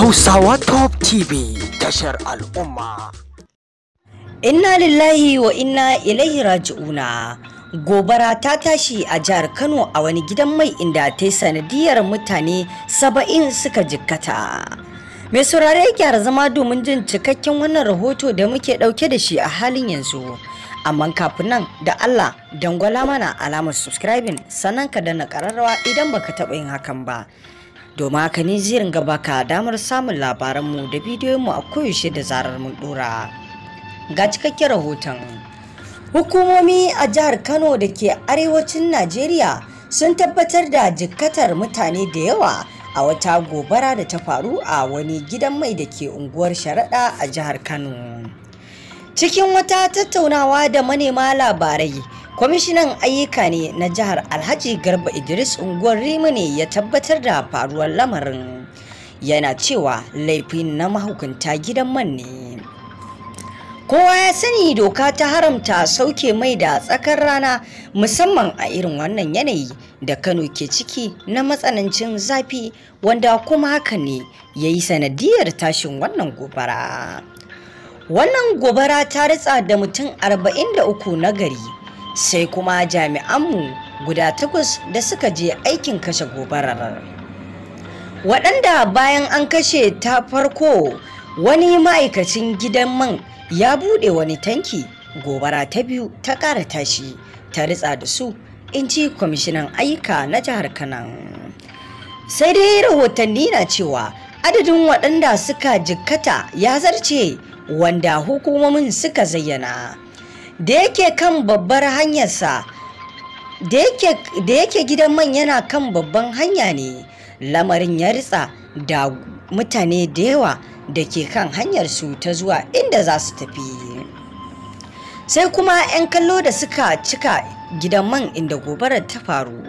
Hausawa Top TV tashar al'umma. Inna lillahi wa inna ilaihi raji'una. Gobara ta tashi a jihar Kano a wani gidan mai inda ta yi sanadiyar mutane saba'in suka jikkata. Mai saurare gyara zama domin jin cikakken wannan rahoto da muke ɗauke da shi a halin yanzu. Amma kafin nan da Allah dangwala mana alamar subscribing sannan ka danna kararrawa idan baka taɓa yin hakan ba. domin haka ne zai ringa baka damar samun labaranmu da bidiyoyinmu a koyaushe da zarar mun dora ga cikakken rahoton hukumomi a jihar kano da ke arewacin najeriya sun tabbatar da jikkatar mutane da yawa a wata gobara da ta faru a wani gidan mai da ke unguwar sharaɗa a jihar kano cikin wata tattaunawa da manema labarai kwamishinan ayyuka ne na jihar alhaji garba idris unguwar ne ya tabbatar da faruwar lamarin yana cewa laifin na mahukunta gidan man ne kowa ya sani doka ta haramta sauke mai da tsakar rana musamman a irin wannan yanayi da kano ke ciki na matsanancin zafi wanda kuma haka ne ya yi sanadiyar tashin wannan gobara wannan gobara ta ritsa da mutum 43 na gari sai kuma jami'anmu guda takwas da suka je aikin kashe gobarar waɗanda bayan an kashe ta farko wani ma'aikacin gidan man ya buɗe wani tanki gobara ta biyu ta ƙara tashi ta ritsa da su in ji kwamishinan ayyuka na jihar kanan sai dai rahotanni na cewa adadin waɗanda suka jikkata ya zarce wanda hukumomin suka zayyana da yake kan babbar hanyarsa da yake gidan man yana kan babban hanya ne lamarin ya ritsa da mutane da yawa da ke kan hanyar su ta zuwa inda za su tafi sai kuma 'yan kallo da suka cika gidan man inda gobarar ta faru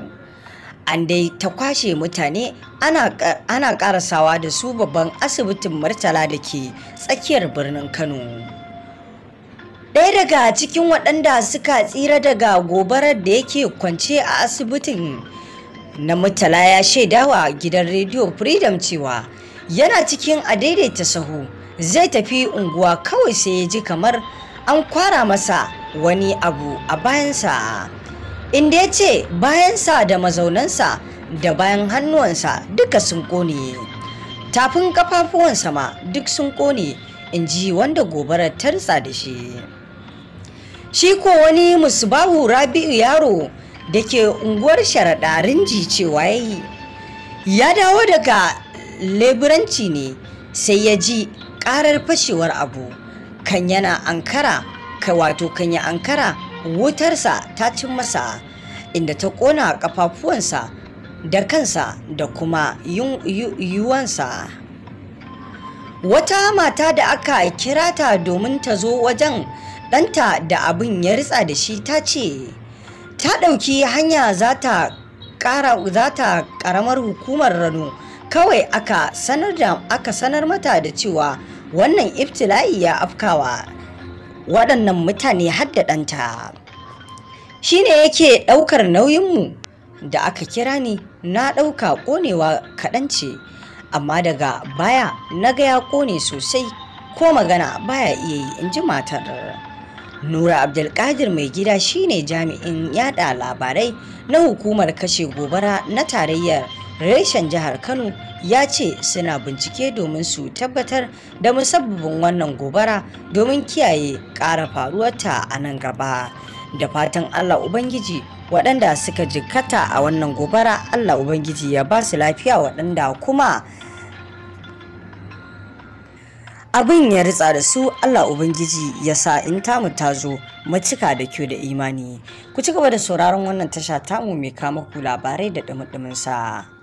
an dai ta kwashe mutane ana karasawa da su babban asibitin murtala da ke tsakiyar birnin kano ɗaya daga cikin waɗanda suka tsira daga gobarar da yake kwance a asibitin na mutala ya shaidawa gidan rediyo freedom cewa yana cikin a daidaita sahu zai tafi unguwa kawai sai ya ji kamar an kwara masa wani abu a bayansa inda ya ce bayansa da mazaunansa da bayan hannuwansa duka sun ƙone, tafin kafafuwansa ma duk sun ƙone, in ji wanda gobarar tarsa da shi shi ko wani musubahu rabi'u yaro da ke unguwar sharaɗa rinji cewa ya yi ya dawo daga leburanci ne sai ya ji ƙarar fashewar abu kan yana ankara kai wato kan ya ankara wutarsa ta cin masa inda ta ƙona ƙafafuwansa da kansa da kuma yiwuwansa wata mata da aka kirata domin ta zo wajen ɗanta da abin ya ritsa da shi ta ce ta ɗauki hanya za ta ƙaramar hukumar rano kawai aka sanar da aka sanar mata da cewa wannan iftila'i ya afkawa waɗannan mutane hadda ɗanta ne yake ɗaukar nauyinmu da aka kira ni na ɗauka ƙonewa kaɗan ce amma daga baya na ga ya ƙone sosai ko magana baya iya yi in ji matar Nura Abdulkadir mai gida shine jami'in yada labarai na hukumar kashe gobara na tarayyar reshen jihar Kano ya ce suna bincike domin su tabbatar da musabbabin wannan gobara domin kiyaye ƙara faruwarta a nan gaba. Da fatan Allah Ubangiji waɗanda suka jikkata a wannan gobara Allah Ubangiji ya ba su lafiya waɗanda kuma abin ya ritsa da su Allah Ubangiji ya sa in tamu ta zo macika da kyau da imani ku ci gaba da sauraron wannan tasha tamu mai kama ku labarai da dumudumin sa